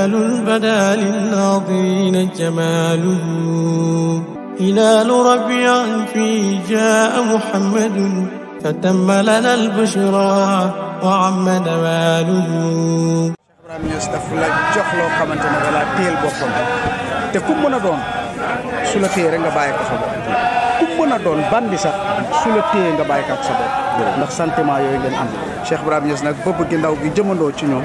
جمال البدا للناظرين جماله هلال ربيع في جاء محمد فتم لنا البشرى وعم نواله ministre daf la jox loo xamante ne dalaa téyel boppam te ku mën a doon su la téye rek nga bàyyi ko fa boppam ku mën a doon bandi sax su la téyee nga bàyyi ak sa bopp ndax sentiment yooyu ngeen am cheikh ibrahim yes nag bëbb gi ndaw gi jëmandoo ci ñoom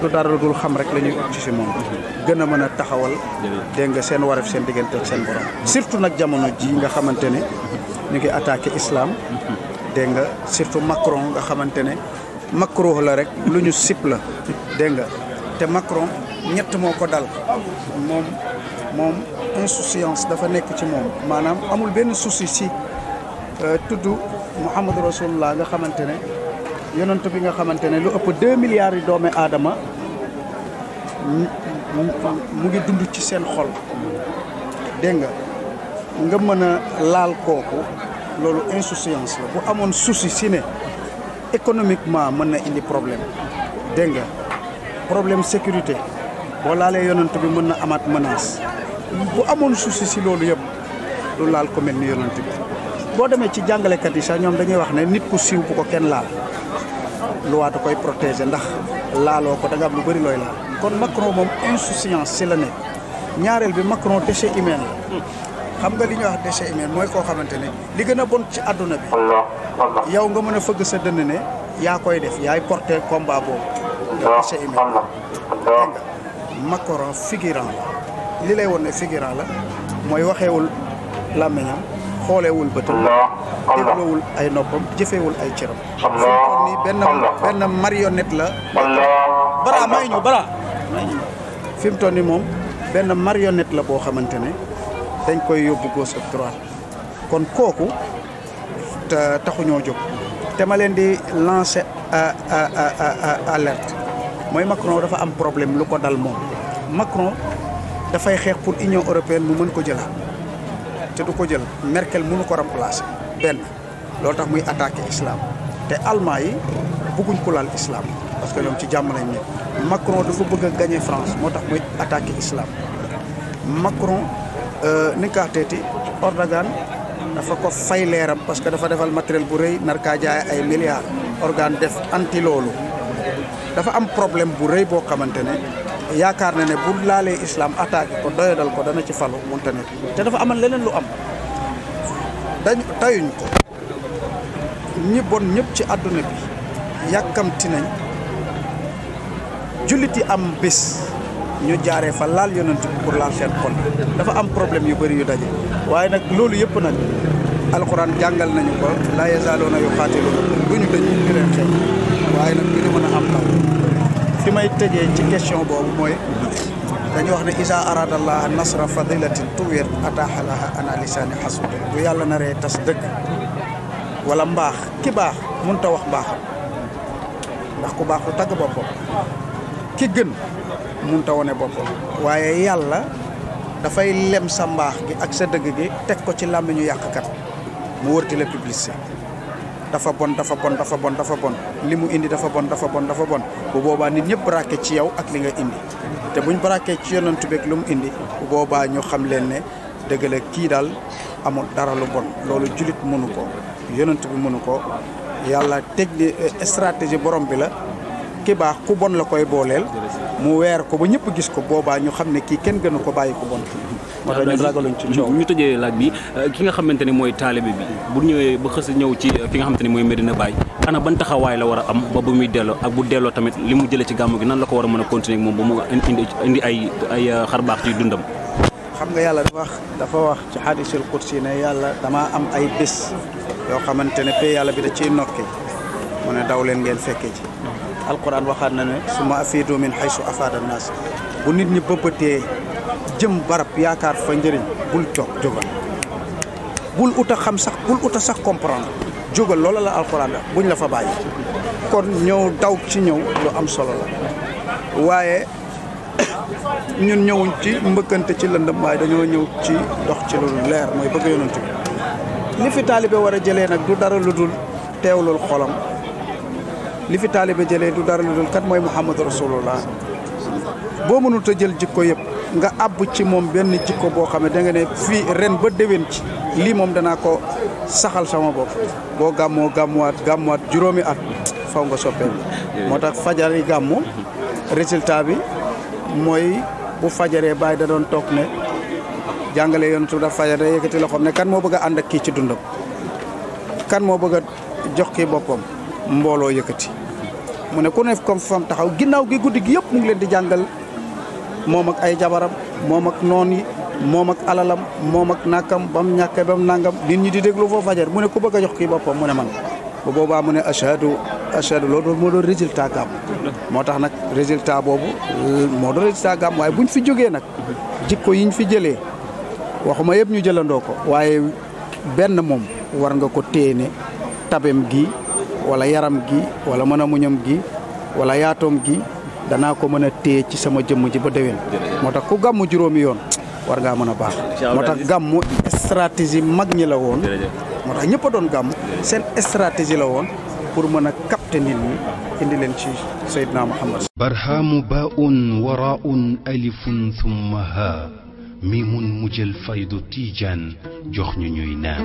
du dara dul xam rek la ñuy ut ci moom gën a mën a taxawal dégg nga seen waref seen seen borom surtout nag jamono ji nga xamante ne ñu ngi attaqué islam dégg nga surtout macron nga xamante ne macro la rek lu ñu sip la dégg nga te macron ñett moo ko dal moom moom insouciance dafa nekk ci moom maanaam amul benn souci si euh, tudd Muhammad Rasulullah nga xamante ne yonent bi nga xamante ne lu ëpp deux milliards yi doomi aadama mu ngi dund ci seen xol dégg nga nga mën a laal kooku loolu insouciance bu amoon souci si ne économiquement mën na indi problème dégg nga problème sécurité boo laalee yonent bi mën na amaat menace bu amoon souci si loolu yëpp lu laal ko mel ni yonent bi boo demee ci jàngalekat yi sax ñoom dañuy wax ne nit ku siiw bu ko kenn laal loi da koy protéger ndax laaloo ko da am lu bëri looy laal kon Macron moom insouciance si la nekk ñaareel bi Macron déchet humain la xam nga li ñuy wax déchet humain mooy koo xamante ne li gën a bon ci àdduna bi yow nga mën a fëgg sa dënn ne yaa koy def yaay porter combat boobu déchet humain Macron figurant la li lay woon ne la mooy waxeewul làmmiñam xoolewul bëtam dégloowul ay noppam jëfewul ay cëram fu toon nii benn benn marionnette la balaa may ñëw balaa fi mu toll nii moom benn marionnette la boo xamante ne dañ koy yóbbu gauche ak kon kooku taxuñoo jóg te ma leen di lancer alert mooy Macron dafa am problème lu ko dal moom Macron dafay xeex pour Union européenne mu mën ko jël te du ko jël Merkel mënu ko remplacer benn loolu tax muy attaqué islaam te allemand yi bëgguñ ko laal islam parce que ñoom ci jàmm lañ ne Macron dafa bëgg a gagner France moo tax muy attaqué islaam Macron euh, ni nga teeti Erdogan dafa ko fay leeram parce que dafa defal matériel bu rëy nar kaa jaay ay milliards organe def anti loolu dafa am problème bu rëy boo xamante ne yaakaar na ne bu laalee islaam attaqué ko doyadal ko dana ci falu munta ne te dafa amal leneen lu am dañ tayuñ ko ñi bon ñëpp ci àdduna bi yàkkamti nañ jullit yi am bés ñu jaaree fa laal yonent bi pour laal seen xol dafa am problème yu bari yu daje waaye nag loolu yëpp nag alxuraan jàngal nañu ko laa yazaaluuna yuqaatiluuna duñu dañu di leen waaye nag ñu mën a am taw fi may tëjee ci question boobu mooy dañu wax ne isa aradallah nasra fadilatin tuwir ataxalaha ana lisaani xasud bu yàlla na ree tas dëgg walla mbaax ki baax mënta wax mbaaxam ndax ku baax ku tagg boppam ki gën mënta wone boppam waaye yàlla dafay lem sa mbaax gi ak sa dëgg gi teg ko ci làmmiñu yàqkat mu wërti la publicité dafa bon dafa bon dafa bon dafa bon li mu indi dafa bon dafa bon dafa bon bu boobaa nit ñëpp braqué ci yow ak li nga indi te buñ braqué ci yonantu beeg lu mu indi bu boobaa ñu xam leen ne dëgg kii daal amul dara lu bon loolu julit mënu ko yonantu bi mënu ko yàlla teg eh, stratégie borom bi la kibaax ku bon la koy booleel mu weer ko ba ñëpp gis ko boobaa ñu xam ne kii kenn gënu ko bàyyi ko bon moo tax ñun ragaluñ ñu tëjee laaj bi euh, ki nga xamante ne mooy taalibe bi bu ñëwee ba xës ñëw ci fi euh, nga xamante ne mooy Medina Baye ana ban taxawaay la war a am ba bu muy delloo ak bu delloo tamit li mu jëlee ci gàmmu gi nan la ko war a mën a continuer moom ba mu indi indi ay ay euh, xarbaax dundam xam nga yàlla dafa wax dafa wax ci xadisul kursi ne yàlla dama am ay bés yoo xamante ne pay yàlla bi da ciy nokki mu ne daw leen ngeen fekkee ji alquran waxat na ne suma Afidu min xaysu afaada nas bu nit ñi bëppete jëm barap yaakar fa njëriñ bul coog jógal bul uta xam sax bul uta sax comprendre jógal loolu la alquran da buñ la fa bayyi kon ñew daw ci ñew lu am solo la waye ñun ñewuñ ci mbeukante ci lëndëm waaye dañu ñew ci dox ci lu leer moy bëgg yonentu fi talibé wara jëlé nak du dara téwlul xolam li fi taalibe jëlee du dara lu dul kat mooy Muhammadu Rasulullah boo mënut a jël jikko yëpp nga àbb ci moom benn jikko boo xam ne da ne fii ren ba déwén ci lii moom danaa ko saxal sama bopp boo gàmmoo gàmmuwaat gàmmuwaat juróomi at faw nga soppee moo tax fajar yi gàmmu résultat bi mooy bu fajaree baay da doon toog ne jàngale yoon tu da fajar da yëkkati loxoom ne kan moo bëgg a ànd ak kii ci dundam kan moo bëgg a jox kii boppam mbooloo yëkkati mu ne ku ne comme fam taxaw ginnaaw gi guddi gi yëpp mu ngi leen di jàngal moom ak ay jabaram moom ak noon yi moom ak alalam moom ak nàkkam bam ñàkkee bam nangam nit ñi di déglu foo fajar mu ne ku bëgg a jox kii boppam mu ne man bu boobaa mu ne ashadu ashadu loolu moo doon résultat gàmm moo tax nag résultat boobu euh, moo doon résultat gàmm waaye buñ fi jógee nag jikko yiñ fi jëlee waxuma yëpp ñu jëlandoo ko waaye benn moom war nga ko téene tabem gi wala yaram gi wala mën a muñam gi wala yaatoom gi danaa ko mën a téye ci sama jëmm ji ba déwén. moo tax ku gàmmu juróomi yoon war ngaa mën a baax. moo tax gàmmu stratégie mag ñi la woon. moo tax ñëpp a doon gàmm seen stratégie la woon pour mën a capter nit ñi indi leen ci Seydina Muhammad barhaamu baun waraun alifun thumma ha mi mun mujjël faydu tiijaan jox ñu ñuy naan